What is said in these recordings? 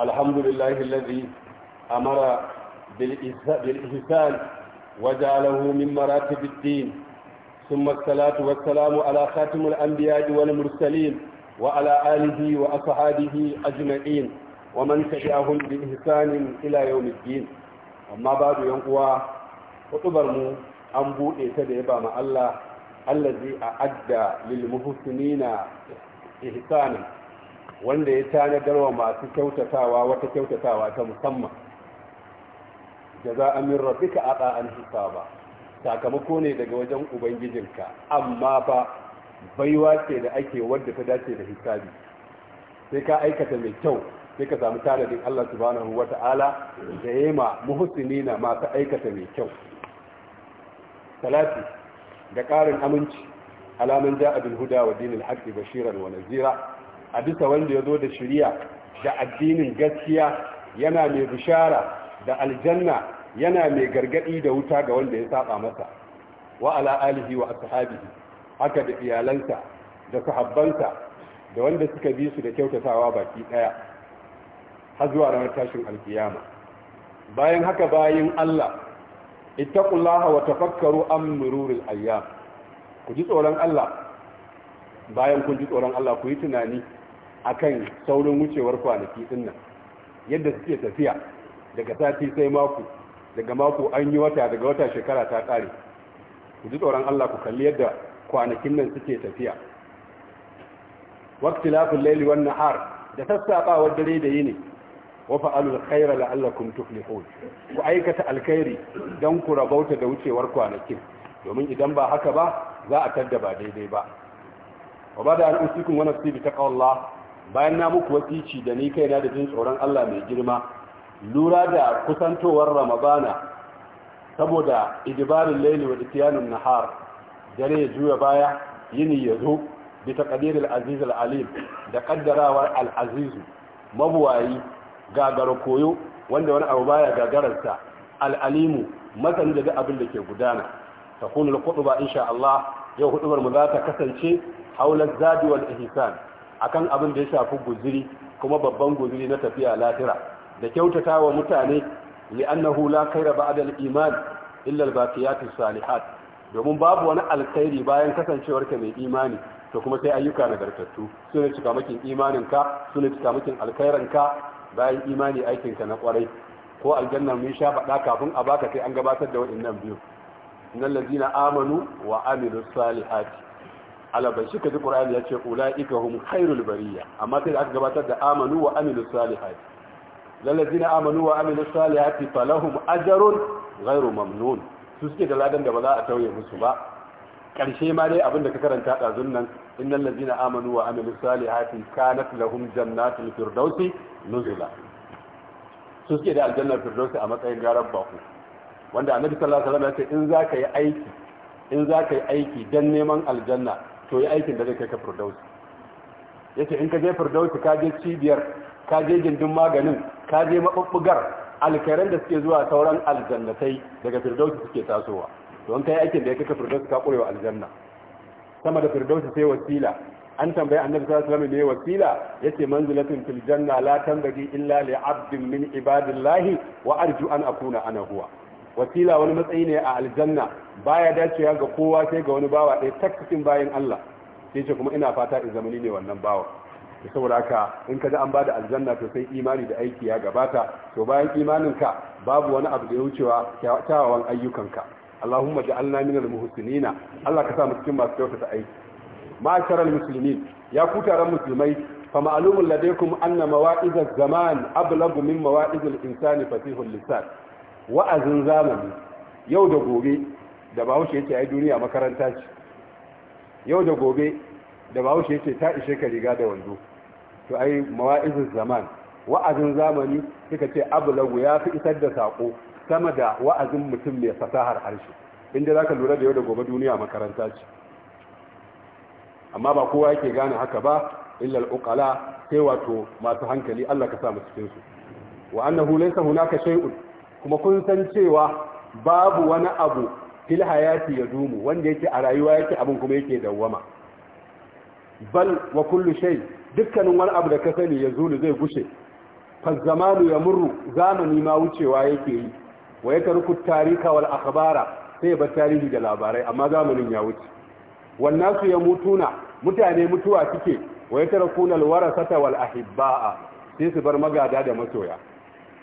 الحمد لله الذي أمر بالإحسان وجعله من مراتب الدين ثم الصلاة والسلام على خاتم الأنبياء والمرسلين وعلى آله وأصحابه أجمعين ومن تبعهم بإحسان إلى يوم الدين أما بعد ينقوى وتبرموا أنبوء تدعب مع الله الذي أعد للمحسنين إحسانا wanda ya tanadar wa masu kyautatawa wata kyautatawa ta musamman da za a min rabbika ata an hisaba sakamako ne daga wajen ubangijinka amma ba baiwa ce da ake wadda ta dace da hisabi sai ka aikata mai kyau sai ka samu tanadin Allah subhanahu Ta'ala, da ya ma yema na masu aikata mai kyau talati da ƙarin aminci alamun ja'adun hudawa huda wa dinin haqqi bashiran wa nazira a bisa wanda ya zo da shari'a da addinin gaskiya yana mai bishara da aljanna yana mai gargadi da wuta ga wanda ya saba masa wa ala alihi wa ashabihi haka da iyalansa da sahabbansa da wanda suka bi su da kyautatawa baki daya har zuwa ranar tashin alkiyama bayan haka bayin Allah ittaqullaha wa tafakkaru am ayyam ku ji tsoron Allah bayan kun ji tsoron Allah ku yi tunani akan saurin wucewar kwanaki din nan yadda suke tafiya daga sati sai mako daga mako an yi wata daga wata shekara ta kare ku ji tsoron Allah ku kalli yadda kwanakin nan suke tafiya lafin layli wan nahar da sassaɓawar dare da yini wa fa'alul khaira la'allakum tuflihun ku aikata alkhairi dan ku rabauta da wucewar kwanakin domin idan ba haka ba za a tadda ba daidai ba wa bada an usikum wa nafsi bi taqwallah bayan na muku wasici da ni kaina da jin tsoron Allah mai girma lura da kusantowar ramadana saboda idibarin laili wa tiyanun nahar dare ya juya baya yini ya zo bita kadir aziz alim da kaddarawar al-aziz mabuwayi gagara koyo wanda wani abu baya gagararsa al-alimu matan da abin da ke gudana takunu al in insha Allah yau hudubar mu za ta kasance haular zadi wal ihsan akan abin da ya shafi guziri kuma babban guziri na tafiya lafira da kyautata wa mutane li'annahu la khaira ba'da al-iman illa al-baqiyatus salihat domin babu wani alkhairi bayan kasancewarka mai imani to kuma sai ayyuka nagartattu su ne cika makin imaninka su ne cika makin ka bayan imani aikinka na kwarai ko aljanna mun sha faɗa kafin a baka sai an gabatar da waɗannan biyu innal ladina amanu wa amilus salihati alabai shi kaji ƙura'ani ya ce ula'ika hum hairul bariya amma sai da aka gabatar da amanu wa amilu salihati lallazi na amanu wa amilu salihati falahum ajarun ghairu mamnun su suke da ladan da ba za a tauye musu ba Ƙarshe ma dai abinda ka karanta ɗazun nan in innal ladzina amanu wa amilu salihati kanat lahum jannatul firdausi nuzula su suke da aljannar firdausi a matsayin garar baku wanda annabi sallallahu alaihi wasallam ya ce in zaka yi aiki in zaka yi aiki dan neman aljanna to yi aikin da zai kai ka firdausi ce in ka je firdausi ka je cibiyar ka je gindin maganin ka je mabubbugar alkairan da suke zuwa sauran aljannatai daga firdausi suke tasowa don kai aikin da ya kai ka firdausi ka kurewa aljanna sama da firdausi sai wasila an tambayi annabi sallallahu alaihi wasallam ne wasila yace manzilatin fil janna la tambagi illa li abdin min ibadillahi wa arju an akuna ana huwa wasila wani matsayi ne a aljanna baya dacewa ga kowa sai ga wani bawa ɗaya takkasin bayan Allah sai ce kuma ina fata in zamani ne wannan bawa saboda haka in ka ji an bada aljanna to sai imani da aiki ya gabata to bayan imaninka babu wani abu da ya wucewa kyawawan ayyukanka Allahumma ja'alna minal muhsinina Allah ka sa mu cikin masu kyautata aiki ma'asharal muslimin ya ku taron musulmai fa ma'lumun ladaykum anna mawa'iz az-zaman ablagu min mawa'iz al-insani fasihun lisan wa'azin zamani yau da gobe da bahaushe yace ai duniya makaranta ce yau da gobe da bahaushe yake ta ishe ka riga da wando to ai mawa’izin zaman wa'azin zamani kika ce abulagu ya fi isar da sako sama da wa'azin mutum mai fasahar harshe inda zaka lura da yau da gobe duniya makaranta ce amma ba kowa yake gane haka ba illa al sai wato masu hankali Allah ka sa mu cikinsu, su wa annahu laysa hunaka shay'un kuma kun san cewa babu wani abu fil hayati ya dumu wanda yake a rayuwa yake abin kuma yake dawwama bal wa kullu shay dukkanin wani abu da ka sani ya zulu zai gushe fa zamanu ya muru zamani ma wucewa yake yi wa ya tarku tarika wal akhbara sai ba tarihi da labarai amma zamanin ya wuce wannan su ya mutuna mutane mutuwa suke wa ya tarku al warasata wal ahibba'a sai su bar magada da masoya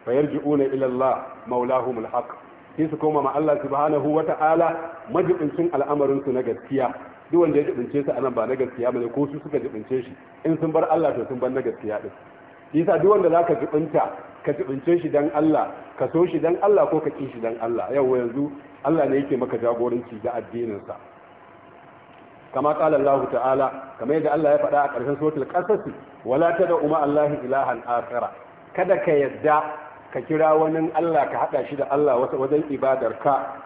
fa yarji'una ila Allah maulahum alhaq sai su koma ma Allah subhanahu wata'ala majibincin al'amarin su na gaskiya duk wanda ya jibince su anan ba na gaskiya bane ko su suka jibince shi in sun bar Allah to sun bar na gaskiya din yasa duk wanda zaka jibinta ka jibince shi dan Allah ka so shi dan Allah ko ka ki shi dan Allah yau yanzu Allah ne yake maka jagoranci da addinin sa kama qala Allah ta'ala kamar yadda Allah ya faɗa a ƙarshen suratul qasas wala tad'u ma Allah ilahan akhara kada ka yadda ka kira wani Allah ka haɗa shi da Allah wata wajen ibadarka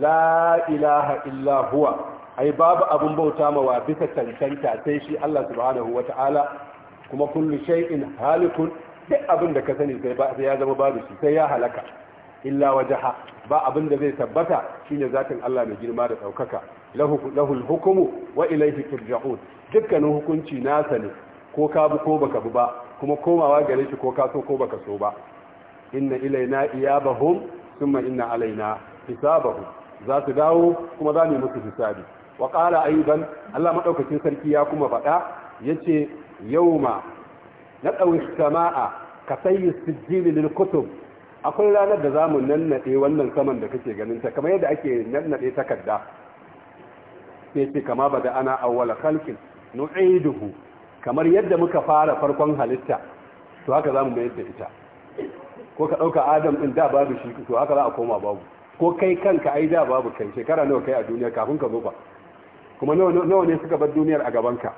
la ilaha illa huwa ai babu abun bauta mawa bisa tantanta sai shi Allah subhanahu wata'ala kuma kullu shay'in halikun duk abin da ka sani sai ya zama babu shi sai ya halaka illa wajaha ba abin da zai tabbata shine zatin Allah mai girma da daukaka lahu lahul hukmu wa ilayhi turja'un dukkanin hukunci nasa ne ko ka bi ko baka bi ba kuma komawa gare shi ko ka so ko baka so ba inna ilaina iyabahum thumma inna alaina hisabahum za su dawo kuma za mu musu hisabi wa qala aidan Allah madaukakin sarki ya kuma faɗa yace yawma nadawi samaa ka sayyi sijjili lil kutub akwai ranar da zamu nannade wannan saman da kake ganin ta kamar yadda ake nannade takarda sai ce kama bada ana awwala khalqin nu'iduhu kamar yadda muka fara farkon halitta to haka zamu mayar da ita ko ka ɗauka adam ɗin da babu shi to haka za a koma babu ko kai kanka ai da babu kai shekara nawa kai a duniya kafin ka zo ba kuma nawa ne suka bar duniyar a gabanka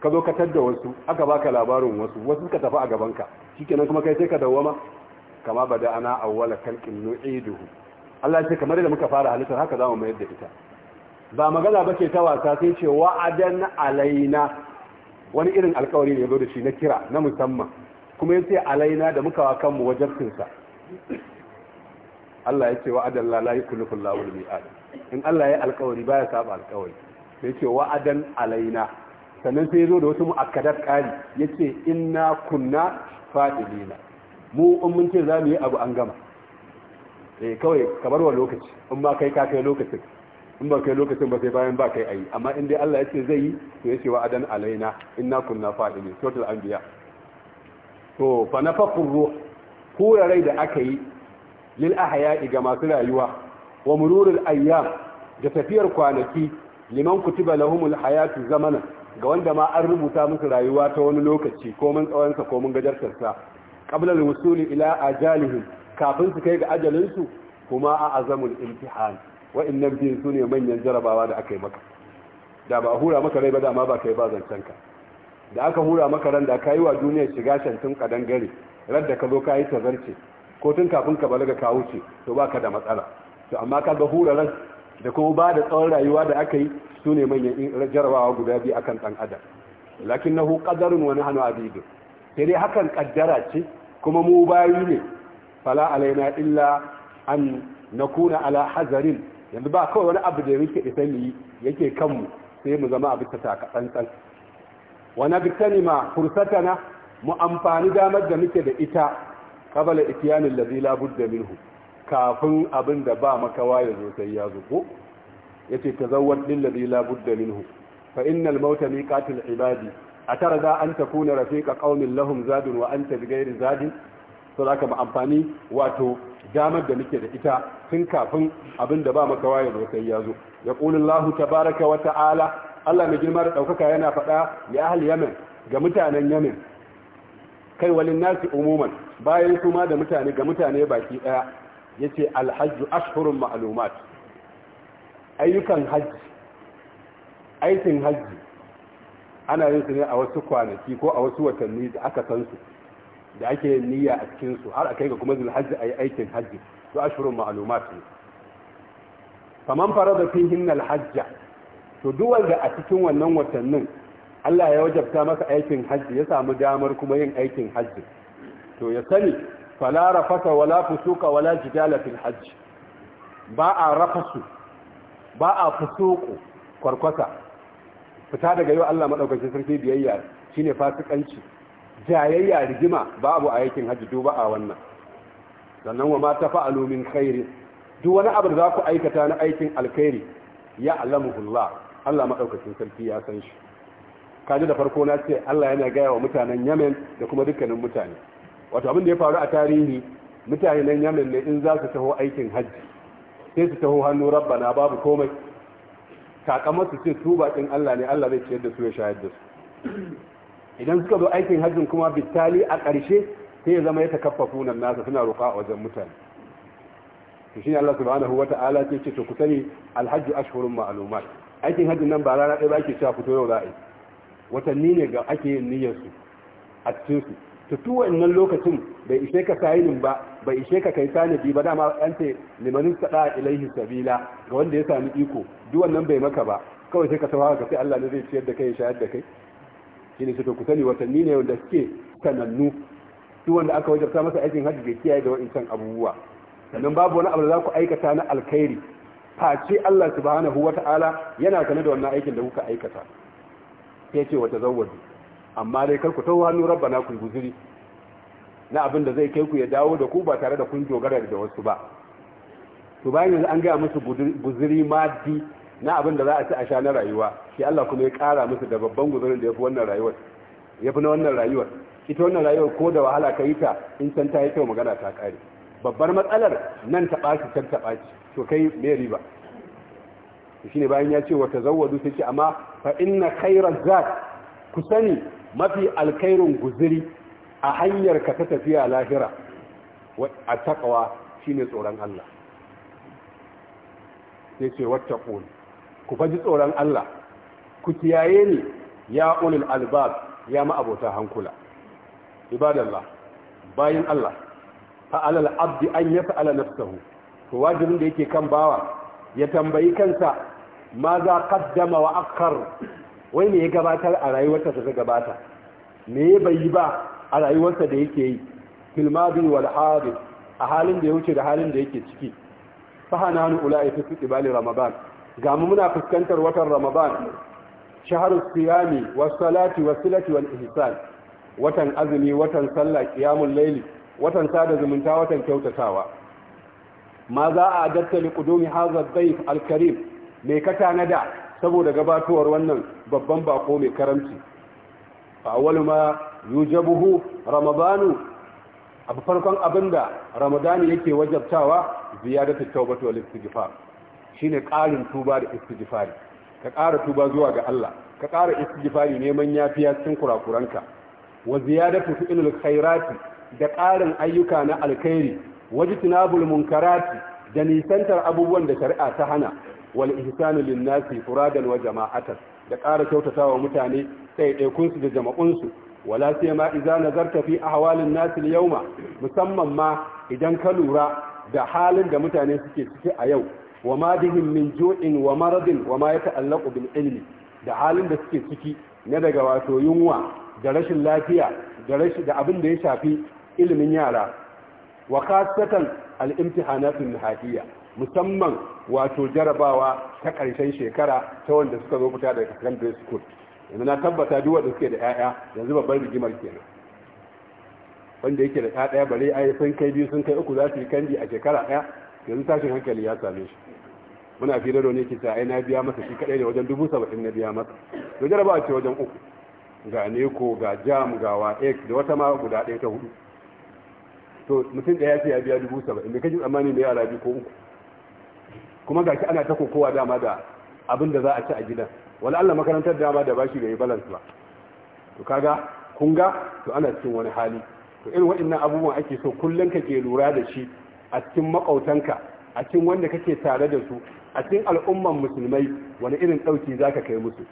ka zo ka tadda wasu aka baka labarin wasu wasu suka tafi a gabanka shikenan kuma kai sai ka dawwama kama bada ana awwala kalkin nu'iduhu Allah ce kamar da muka fara halittar haka zamu mayar da ita ba magana bace ta wasa sai ce wa'adan alaina wani irin alƙawari ne ya zo da shi na kira na musamman kuma ya ce alaina da muka wa kanmu wajabtinsa Allah ya ce wa'adan la la yukullifu wani al-mi'ad in Allah ya alƙawari baya saba alƙawari ya ce wa'adan alaina sannan sai yazo da wasu mu'akkadat qali yace inna kunna fa'ilina mu in mun ce zamu yi abu an gama eh kawai kamar wa lokaci in ba kai ka kai lokacin in ba kai lokacin ba sai bayan ba kai ayi amma in dai Allah ya ce zai yi to ya ce wa'adan alaina inna kunna fa'ilina suratul anbiya to fa nafakur ruh ko rai da aka yi lil ahya'i ga masu rayuwa wa mururul ayyam da tafiyar kwanaki liman kutiba lahumul hayatu zamanan ga wanda ma an rubuta musu rayuwa ta wani lokaci ko mun tsawansa ko mun gajartar sa qabla al-wusuli ila ajalihim kafin su kai ga ajalin kuma a azamul imtihan wa'annan bi sune manyan jarabawa da aka yi maka da ba hura maka rai ba dama ba kai ba zancen ka da aka hura maka randa ka yi wa duniya shiga shantin kadan gare radda ka zo ka yi tazarce ko tun kafin ka balaga ka wuce to ba ka da matsala to amma ka ga hura ran da kuma ba da tsawon rayuwa da aka yi su ne manyan jarabawa guda biyu akan ɗan adam lakin na hukadarun wani hannu abidu sai dai hakan kaddara ce kuma mu bayi ne fala alaina illa an na kuna ala hazarin yanzu ba kawai wani abu da yake isa mu yake kanmu sai mu zama abin ta taka tsantsan wa nabtanima fursatana mu amfani damar da muke da ita qabala itiyanil ladhi la budda minhu kafin abin da ba makawa ya zo sai ya zo ko yace tazawwad lil ladhi la budda minhu fa innal mauta miqatul ibadi atarda an takuna rafiqa qaumin lahum zadun wa anta bighairi zadin to zaka mu amfani wato damar da muke da ita tun kafin abin da ba ya zo ya zo Allah mai girma da ɗaukaka yana faɗa ya ahal yamen ga mutanen yamen kai walin nasi umuman bayan kuma da mutane ga mutane baki ɗaya ya ce alhajju ashirin ma'alumat ayyukan hajji aikin hajji ana yin su ne a wasu kwanaki ko a wasu watanni da aka san su da ake niyya a cikin su har a kai ga kuma zulhajji a yi aikin hajji su ashhurun ma'alumat ne faman fi hinnal alhajja to duk wanda a cikin wannan watannin Allah ya wajabta masa aikin hajji ya samu damar kuma yin aikin hajji to ya sani fala rafasa wala fusuka wala jidala fil hajji ba a rafasu ba a fusuku kwarkwasa fita daga yau Allah madaukakin sarki biyayya shine fasikanci jayayya rigima babu a aikin hajji duba a wannan sannan wa ma tafa'alu min khairin duk wani abu da za ku aikata na aikin alkhairi ya alamuhullah Allah maɗaukacin sarki ya san shi kaji da farko na ce Allah yana gaya wa mutanen yamen da kuma dukkanin mutane wato abin da ya faru a tarihi mutanen yamen ne in za su taho aikin hajji sai su taho hannu rabba na babu komai takamar su ce su Allah ne Allah zai ciyar da su ya shayar da su idan suka zo aikin hajjin kuma bitali a ƙarshe sai ya zama ya takaffafu funan nasa suna roƙa a wajen mutane to shine Allah subhanahu wata'ala ke ce to ku sani alhajju ashhurun ma'lumat aikin hajji nan ba rana ɗaya ba ake cewa fito yau za a yi watanni ne ga ake yin niyyarsu a cikin su ta tuwa nan lokacin bai ishe ka sayinin ba bai ishe ka kai sanadi ba dama an ce limanin sada ilaihi sabila ga wanda ya sami iko duk wannan bai maka ba kawai sai ka sawa ka sai Allah ne zai ciyar da kai shayar da kai shine sai ku sani watanni ne wanda suke sanannu duk wanda aka wajabta masa aikin hajji bai kiyaye da wa'incan abubuwa sannan babu wani abu da za ku aikata na alkhairi face Allah subhanahu wata'ala yana sanar da wannan aikin da kuka aikata sai ce wata zawwadu amma dai kar ku tawo hannu rabbana ku guzuri na abin da zai kai ku ya dawo da ku ba tare da kun dogara da wasu ba to bayan yanzu an gaya musu guzuri maddi na abin da za a ci a sha na rayuwa shi Allah kuma ya kara musu da babban guzurin da yafi wannan rayuwar yafi na wannan rayuwar ita wannan rayuwar ko da wahala ka ta in san ta yi kyau magana ta kare babbar matsalar nan ta ɓaci can ta ɓaci to kai me riba shine bayan ya ce wa tazawwadu sai ce amma fa inna khayra zat ku sani mafi alkhairun guziri a hanyar ka ta tafiya lahira a takawa shine tsoron Allah sai ce wattaqun ku faji tsoron Allah ku kiyaye ni ya ulul albab ya ma abota hankula ibadallah bayan Allah fa alal abdi an yaf'ala nafsahu to wajibin da yake kan bawa ya tambayi kansa ma za kaddama wa akkar wai me ya gabatar a rayuwarsa da ta gabata me ya bai ba a rayuwarsa da yake yi filmadin wal a halin da ya wuce da halin da yake ciki fahana hanu ula'i fi bali ramadan ga mu muna fuskantar watan ramadan Shahar siyami was salati was silati wal ihsan watan azumi watan sallah qiyamul layli watan sada zumunta watan kyautatawa ma za a adatta li qudumi hadha Alkarim mai ka tanada saboda gabatowar wannan babban bako mai karamci fa wani ma yujabuhu ramadanu abu farkon abinda ramadani yake wajabtawa ziyadatu tawbati wal istighfar shine ƙarin tuba da istighfari ka ƙara tuba zuwa ga Allah ka ƙara istighfari neman yafiya cikin kurakuranka wa ziyadatu fi'lil khairati da ƙarin ayyuka na alkhairi wajtinabul munkarati da nisantar abubuwan da shari'a ta hana wal ihsanu lin nasi furadan wa jama'atan da ƙara kyautatawa mutane sai kun su da jama'un su wala sai ma idza nazarta fi ahwalin nasi yawma musamman ma idan ka lura da halin da mutane suke ciki a yau wa ma min ju'in wa maradin wa ma yata'allaqu bil ilmi da halin da suke ciki na daga wato yunwa da rashin lafiya da rashin da abin da ya shafi ilimin yara wa khasatan al-imtihanatu nihaiya musamman wato jarabawa ta karshen shekara ta wanda suka zo fita daga secondary school yanzu na tabbata duk wanda suke da yaya yanzu babban rigimar kenan wanda yake da yaya bare ai sun kai biyu sun kai uku za su yi kanji a shekara daya yanzu tashin hankali ya same shi muna fi da ne ke ta ai na biya masa shi kadai ne wajen dubu saba'in na biya masa to jarabawa ce wajen uku ga neko ga jam ga wa da wata ma guda ɗaya ta hudu to mutum ɗaya ce ya biya dubu saba'in da kajin amani da yara biyu ko uku kuma gashi ana ta kokowa dama da abin da za a ci a gidan wani allah makarantar dama da bashi bai balance ba to kaga kun ga to ana cikin wani hali to irin waɗannan abubuwan ake so kullum ke lura da shi a cikin makautanka a cikin wanda kake tare da su a cikin al'umman musulmai wani irin ɗauki za ka kai musu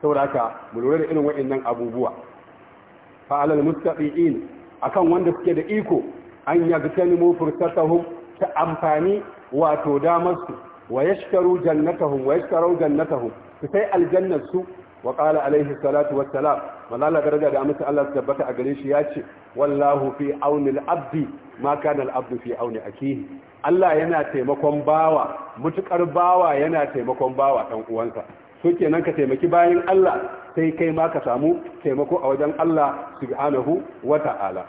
saboda haka mu lura da irin waɗannan abubuwa fa'alal mustaqiin akan wanda suke da iko an nemo fursatahum ta amfani wato damar su wa yashkaru jannatahum wa yashkaru jannatahum su sai aljannar su wa qala alaihi salatu wassalam wallala daraja da amsa Allah tabbata a gare shi yace wallahu fi auni al-abdi ma kana al-abdu fi auni akihi Allah yana taimakon bawa mutukar bawa yana taimakon bawa dan uwansa to kenan ka taimaki bayan Allah sai kai ma ka samu taimako a wajen Allah subhanahu wa ta'ala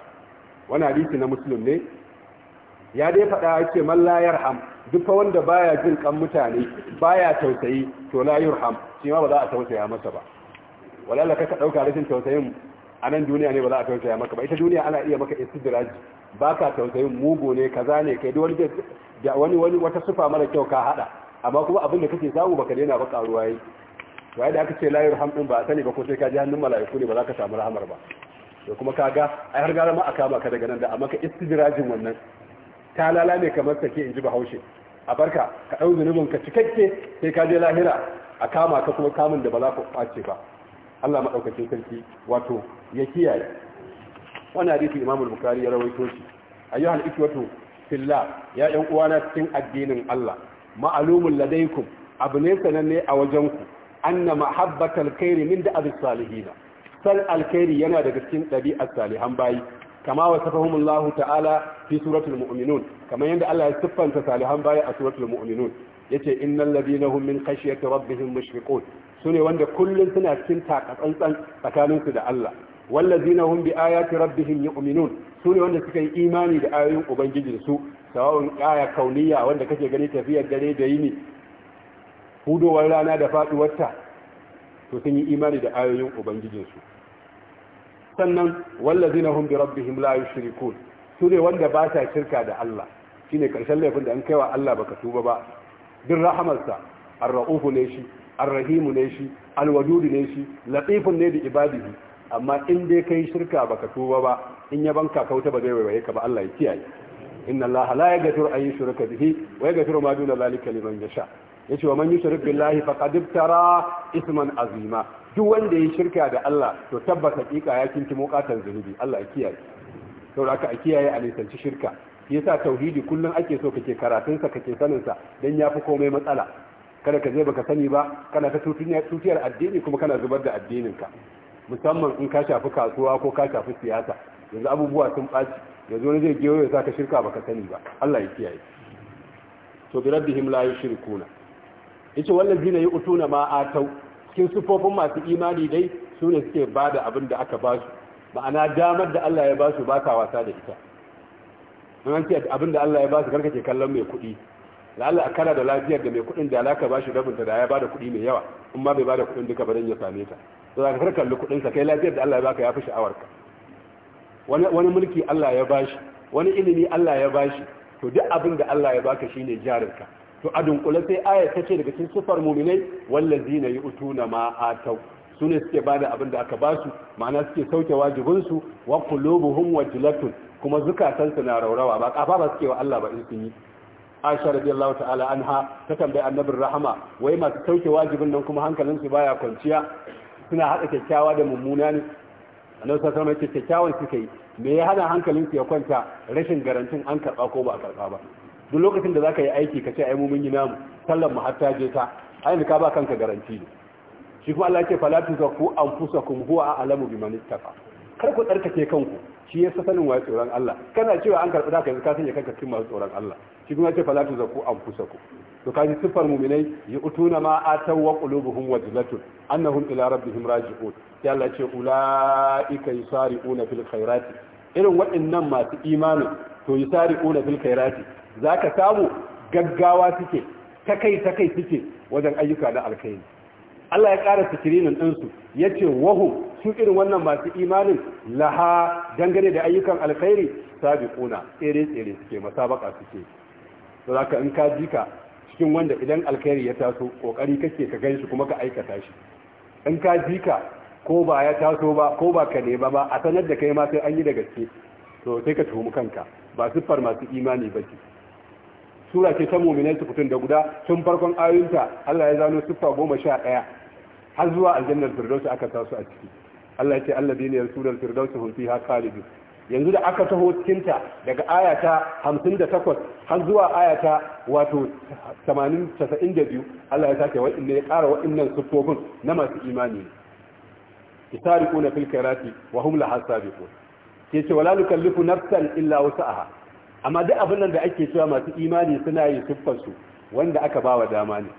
wani hadisi na muslim ne ya dai faɗa ake man la yarham duk wanda baya jin kan mutane baya tausayi to la yarham shi ma ba za a tausaya masa ba walalla ka dauka rashin tausayin a nan duniya ne ba za a tausaya maka ba ita duniya ana iya maka istidraj ba ka tausayin mugu ne kaza ne kai da wani wani wata sufa mara kyau ka hada amma kuma abin da kake samu baka daina ba karuwa yi wai da aka ce la yarham din ba sani ba ko sai ka ji hannun mala'iku ne ba za ka samu rahamar ba to kuma kaga ai har gara ma a kama ka daga nan da amma ka istidrajin wannan ta lalame kamar ke in ji bahaushe a barka ka ɗau zunubin ka cikakke sai ka je lahira a kama ka kuma kamun da ba za ku kwace ba Allah maɗaukacin sarki wato ya kiyaye wannan hadisi Imam Bukhari ya rawaito shi ayyuhal ikwatu fillah ya ɗan uwana cikin addinin Allah ma'alumun ladaiku abu ne sananne a wajenku anna mahabbatal khairi min da'ab salihina sal alkhairi yana daga cikin ɗabi'ar salihan bayi kama wa safahumullahu ta'ala fi suratul mu'minun kamar yadda Allah ya siffanta salihan bayi a suratul mu'minun yace innal ladina hum min khashyati rabbihim su ne wanda kullum suna cikin takatsantsan tsakaninsu da Allah wallazina hum bi ayati rabbihim yu'minun sune wanda suka yi imani da ayoyin ubangijinsu sawa'un kaya kauniya wanda kake gani tafiyar dare da yi ne hudowar rana da faduwarta to sun yi imani da ayoyin ubangijinsu sannan zina na bi rabbihim la yushrikun su ne wanda ba sa shirka da Allah shine karshen laifin da an kaiwa Allah baka tuba ba din rahamarsa ar-raufu ne shi ar-rahimu ne shi al-wadudu ne shi latifun ne da ibadihi amma in dai kai shirka baka tuba ba in ya banka kauta ba zai waiwaye ka ba Allah ya kiyaye inna Allah la yaghfiru an yushraka bihi wa yaghfiru ma duna zalika liman yasha yace wa man yushrik billahi duk tara isman azima duk wanda ya shirka da Allah to tabbata hakika ya kinki mokatan zunubi Allah ya kiyaye saboda a kiyaye a nisanci shirka yasa tauhidi kullun ake so kake karatun sa kake sanin sa dan yafi komai matsala kada ka je baka sani ba kana ta tutiyar addini kuma kana zubar da addinin ka musamman in ka shafi kasuwa ko ka shafi siyasa yanzu abubuwa sun ɓaci zo ne zai gero ya zaka ka shirka baka sani ba Allah ya kiyaye to bi rabbihim la yushrikuna yace yi utuna ma atau cikin sufofin masu imani dai su ne suke bada abin da aka basu ma'ana damar da Allah ya basu ba ka wasa da ita an ce abin da Allah ya basu karka ke kallon mai kuɗi da Allah akara da lafiyar da mai kuɗin da alaka bashi rabin ta da ya bada kuɗi mai yawa in ma bai bada kuɗin duka ba dan ya same ta to ka kalli kuɗin sa kai lafiyar da Allah ya baka ya fi sha'awarka wani mulki Allah ya bashi wani ilimi Allah ya bashi to duk abin da Allah ya baka shine jarinka to a dunkule sai aya ta ce daga cikin sifar muminai wallazina yu'tuna ma ataw sune suke bada abin da aka basu ma'ana suke sauke wajibinsu wa qulubuhum wajlatun kuma zukatansu na raurawa ba kafa ba suke wa Allah ba in sun yi Aisha radiyallahu ta'ala anha ta tambayi annabin rahama wai masu sauke wajibin nan kuma hankalinsu baya kwanciya suna haɗa kyakkyawa da mummuna ne annabi sallallahu alaihi wasallam kyakkyawan suka yi me ya hana hankalin su ya kwanta rashin garantin an karba ko ba a karba ba duk lokacin da zaka yi aiki ka ce ai mu mun yi namu sallan mu ta je ta ai ka ba kanka garanti ne shi kuma Allah yake ce fala anfusakum huwa a'lamu biman ittaqa kar ku tsarkake kanku shi ya sanin waye tsoron Allah kana cewa an karɓi zaka yanzu ka sanya kanka cikin masu tsoron Allah shi kuma ce fa falatu zaku an kusa ku to kaji siffar mu'minai yu'tuna ma ataw wa qulubuhum wajlatun annahum ila rabbihim raji'un sai Allah ce ulaika yusari'una fil khairati irin waɗannan masu imani to yusari'una fil khairati zaka samu gaggawa suke takai takai suke wajen ayyuka na alkhairi Allah ya ƙara sikirinin ɗinsu ya ce wahu su irin wannan masu imanin laha dangane da ayyukan alkhairi kuna tsere tsere suke masabaka suke to zaka in ka jika cikin wanda idan alkhairi ya taso kokari kake ka shi kuma ka aikata shi in ka jika ko ba ya taso ba ko ba ka ne ba a sanar da kai ma sai an yi da gaske to sai ka tuhumi kanka ba siffar masu imani ba ce sura ce ta muminai su kutun da guda tun farkon ayoyinta Allah ya zano siffa goma sha ɗaya har zuwa aljannar firdausi aka taso a ciki Allah ya ce alladhina yarsuna al-firdausa hum fiha khalidun yanzu da aka taho cikinta daga ayata 58 har zuwa ayata wato 80 Allah ya sake waɗanda ya ƙara innan sufofin na masu imani isariku na filkarati wa la hasabiku ke ce wala nukallifu nafsan illa wusaha amma duk abin nan da ake cewa masu imani suna yi siffar su wanda aka ba wa dama ne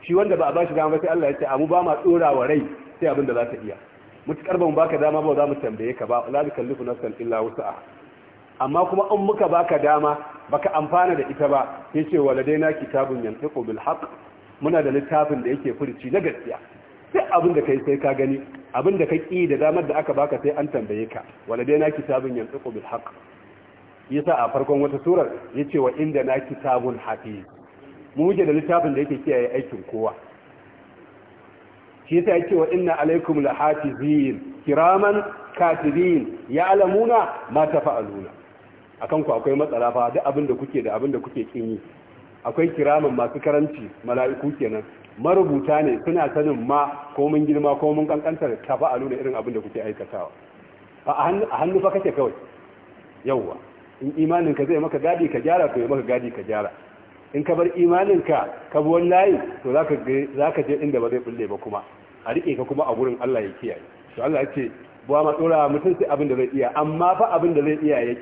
shi wanda ba a ba shi dama sai Allah ya ce amu ba ma tsora wa rai sai abin da za ta iya mutukar ba mu baka dama ba za mu tambaye ka ba la nukallifu nafsan illa wus'aha amma kuma in muka baka dama baka amfana da ita ba sai ce waladaina kitabun yantiqu bil haqq muna da littafin da yake furci na gaskiya sai abin da kai sai ka gani abin da ka ƙi da damar da aka baka sai an tambaye ka waladaina kitabun yantiqu bil haqq yasa a farkon wata surar yace wa inda na kitabun hafi mu muke da littafin da yake kiyaye aikin kowa shi yasa yake wa inna alaikum hafizin kiraman katibin alamuna ma fa'aluna akan ku akwai matsala fa duk abin kuke da abinda kuke kin yi akwai kiraman masu karanci mala'iku kenan marubuta ne suna sanin ma ko mun girma ko mun kankantar fa'aluna irin abinda kuke aikatawa a hannu fa kake kawai yawwa in imanin ka zai maka gadi ka gyara ko ya maka gadi ka gyara in ka bar imaninka ka bi wani layi to za ka je inda ba zai bulle ba kuma a riƙe ka kuma a gurin Allah ya kiyaye to Allah ya ce ba ma tsora mutum sai abin da zai iya amma fa abin da zai iya ya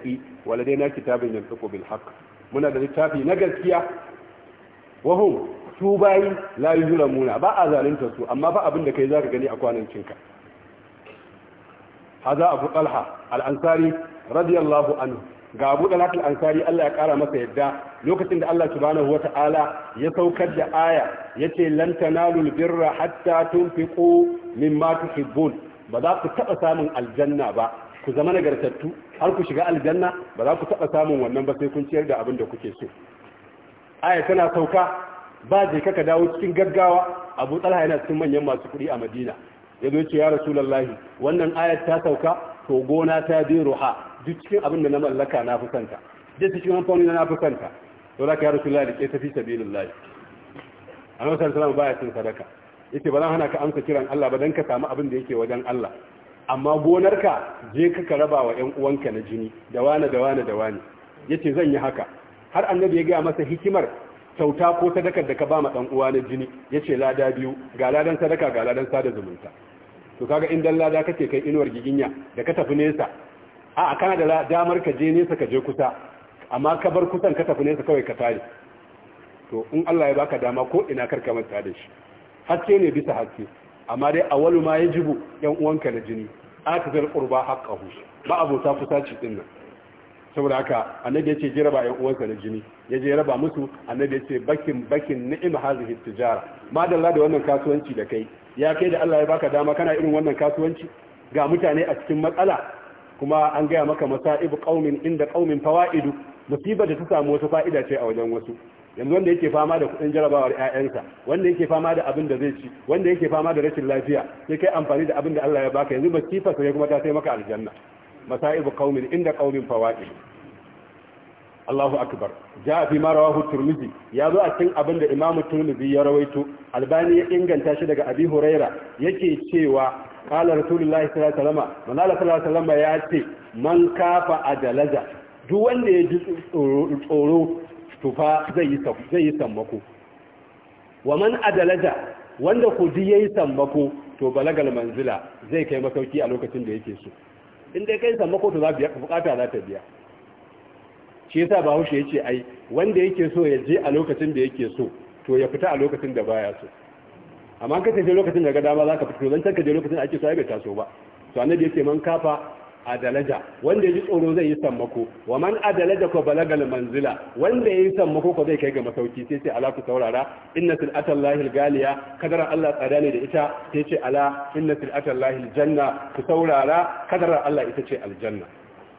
wala dai na kitabin tsoko bil haqq muna da littafi na gaskiya wahum su bayi la yuzlamuna ba a zalunta su amma fa abin da kai zaka gani a kwanan cinka haza abu talha al ansari radiyallahu anhu ga Abu Dalat al-Ansari Allah ya kara masa yadda lokacin da Allah subhanahu wata'ala ya saukar da aya yace lan tanalu birra hatta tunfiqu mimma tuhibbun ba za ku taba samun aljanna ba ku zama nagartattu har ku shiga aljanna ba za ku taba samun wannan ba sai kun ciyar da abin da kuke so aya tana sauka ba je ka dawo cikin gaggawa Abu Talha yana cikin manyan masu kuɗi a Madina ya zo ya ce ya Rasulullahi wannan aya ta sauka to gona ta bi ruha duk cikin abin da na mallaka na fi santa duk cikin amfani na fi santa to zaka ya rasulullahi ke ta fi sabilillah annabi baya cin sadaka yace ba zan hana ka amsa kiran Allah ba dan ka samu abin da yake wajen Allah amma gonarka je ka ka raba wa ƴan uwanka na jini da wani da wani da wani yace zan yi haka har annabi ya ga masa hikimar kyauta ko sadakar da ka ba ma dan uwa na jini yace lada biyu ga ladan sadaka ga ladan sada zumunta to kaga in dan lada kake kai inuwar giginya da ka tafi nesa a kana da damar ka je nesa ka je kusa amma ka bar kusan ka tafi nesa kawai ka tare to in Allah ya baka dama ko ina karka manta da shi haske ne bisa haske amma dai awwalu ma yajibu yan uwanka na jini atizal qurba haqqahu ba abota ci din nan saboda haka annabi ya ce je raba yan uwansa na jini ya je raba musu annabi ya ce bakin bakin ni'im hazihi tijara madalla da wannan kasuwanci da kai ya kai da Allah ya baka dama kana irin wannan kasuwanci ga mutane a cikin matsala kuma an gaya maka masa'ib qaumin inda qaumin fawaidu musibar da ta samu wata fa'ida ce a wajen wasu yanzu wanda yake fama da kudin jarabawar ƴaƴansa wanda yake fama da abin da zai ci wanda yake fama da rashin lafiya sai kai amfani da abin da Allah ya baka yanzu masifa sai kuma ta sai maka aljanna masa'ib qaumin inda qaumin fawaidu Allahu akbar ja fi marawahu turmizi ya zo a cikin abin da imamu turmizi ya rawaito albani ya inganta shi daga abi huraira yake cewa qala rasulullahi sallallahu alaihi wasallam man Allah sallallahu alaihi wasallam ya ce man kafa adalaza duk wanda ya ji tsoro tufa zai yi zai wa man adalaza wanda ku ji yayi sammako to balagal manzila zai kai masauki a lokacin da yake so in dai kai sammako to za biya bukata za ta biya shi yasa bahaushe yace ai wanda yake so ya je a lokacin da yake so to ya fita a lokacin da baya so amma ka tafi lokacin da ga dama za ka fito zan ka je lokacin ake so ya bai taso ba to annabi ce man kafa adalaja wanda ji tsoro zai yi sammako wa man adalaja ko balagal manzila wanda yi sammako ko zai kai ga masauki sai sai ala ku saurara inna algaliya kadara Allah tsada ne da ita sai ce ala inna silatallahi aljanna ku saurara kadara Allah ita ce aljanna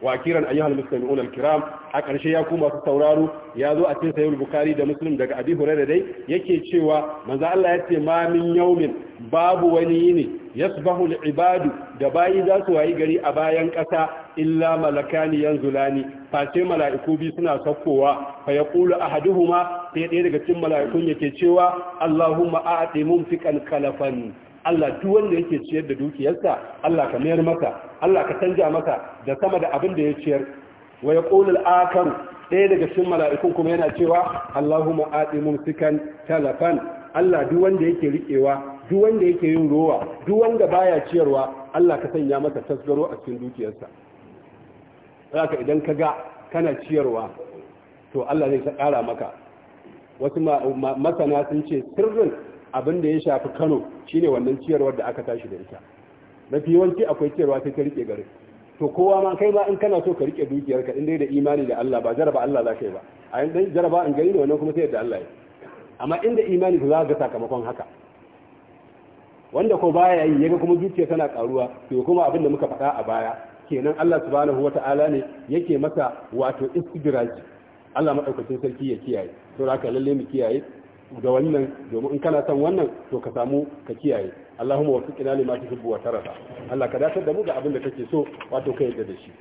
wa kiran ayyuhal mustami'un al-kiram a ƙarshe ya kuma su sauraro ya zo a cikin sahih bukhari da muslim daga abi hurairah dai yake cewa manzo Allah ya ce ma min yawmin babu wani yini yasbahu al-ibadu da bayi za su wayi gari a bayan kasa illa malakani yanzulani face mala'iku bi suna sakkowa fa yaqulu ahaduhuma sai ɗaya daga cikin mala'ikun yake cewa Allahumma a'ti mumsikan kalafan Allah tu wanda yake ciyar da dukiyarsa Allah ka mayar maka Allah ka canja maka da sama da abin da ya ciyar wa qul al-akaru ɗaya daga cikin mala'ikun kuma yana cewa Allahumma ati mumsikan talafan Allah duk wanda yake riƙewa duk wanda yake yin rowa duk wanda baya ciyarwa Allah ka sanya masa tasgaro a cikin dukiyarsa haka idan ka ga kana ciyarwa to Allah zai ta ƙara maka wasu masana sun ce sirrin abin da ya shafi kano shine wannan ciyarwar da aka tashi da ita mafi yawanci akwai ciyarwa sai ta rike garin to kowa ma kai ma in kana so ka rike dukiyarka in dai da imani da Allah ba jaraba Allah za ka yi ba a yin dan jaraba in gani ne wannan kuma sai yadda Allah ya amma inda imani ku za ka sakamakon haka wanda ko baya yi yaga kuma zuciya tana karuwa to kuma abin da muka faɗa a baya kenan Allah subhanahu wata'ala ne yake masa wato istidraji Allah madaukakin sarki ya kiyaye to haka lalle mu kiyaye ga wannan domin in kana son wannan to ka samu ka kiyaye Allahumma fiqina lima tuhibbu wa tarda Allah ka dace da mu ga abin da kake so wato ka da shi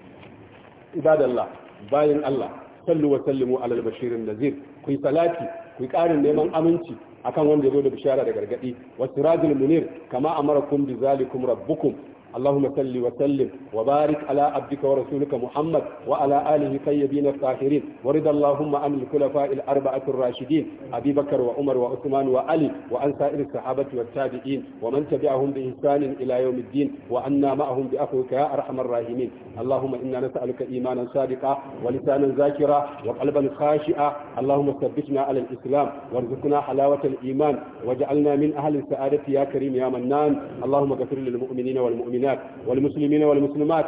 ibadallah bayin Allah sallu wa sallimu ala al-bashirin nazir ku yi salati ku yi karin neman aminci akan wanda ya zo da bishara da gargadi wa sirajul munir kama amarakum bi zalikum rabbukum اللهم صل وسلم وبارك على عبدك ورسولك محمد وعلى آله الطيبين الطاهرين ورد اللهم عن الخلفاء الأربعة الراشدين أبي بكر وعمر وعثمان وعلي وعن سائر الصحابة والتابعين ومن تبعهم بإحسان إلى يوم الدين وأنا معهم بأخوك يا أرحم الراحمين اللهم إنا نسألك إيمانا صادقا ولسانا ذاكرا وقلبا خاشئا اللهم ثبتنا على الإسلام وارزقنا حلاوة الإيمان واجعلنا من أهل السعادة يا كريم يا منان اللهم اغفر للمؤمنين والمؤمنات والمؤمنات والمسلمين والمسلمات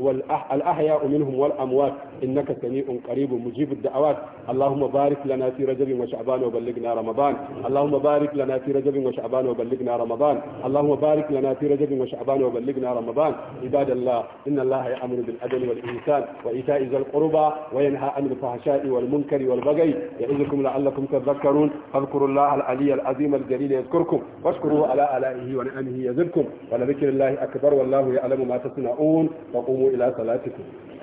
والأحياء منهم والأموات إنك سميع قريب مجيب الدعوات اللهم بارك لنا في رجب وشعبان وبلغنا رمضان اللهم بارك لنا في رجب وشعبان وبلغنا رمضان اللهم بارك لنا في رجب وشعبان وبلغنا رمضان عباد الله إن الله يأمر بالعدل والإنسان وإيتاء ذي القربى وينهى عن الفحشاء والمنكر والبغي يعظكم لعلكم تذكرون فاذكروا الله العلي العظيم الجليل يذكركم واشكروه على آلائه ونعمه يزدكم ولذكر الله أكبر wallahu ya'lamu ma tasna'un fa qumu ila salatikum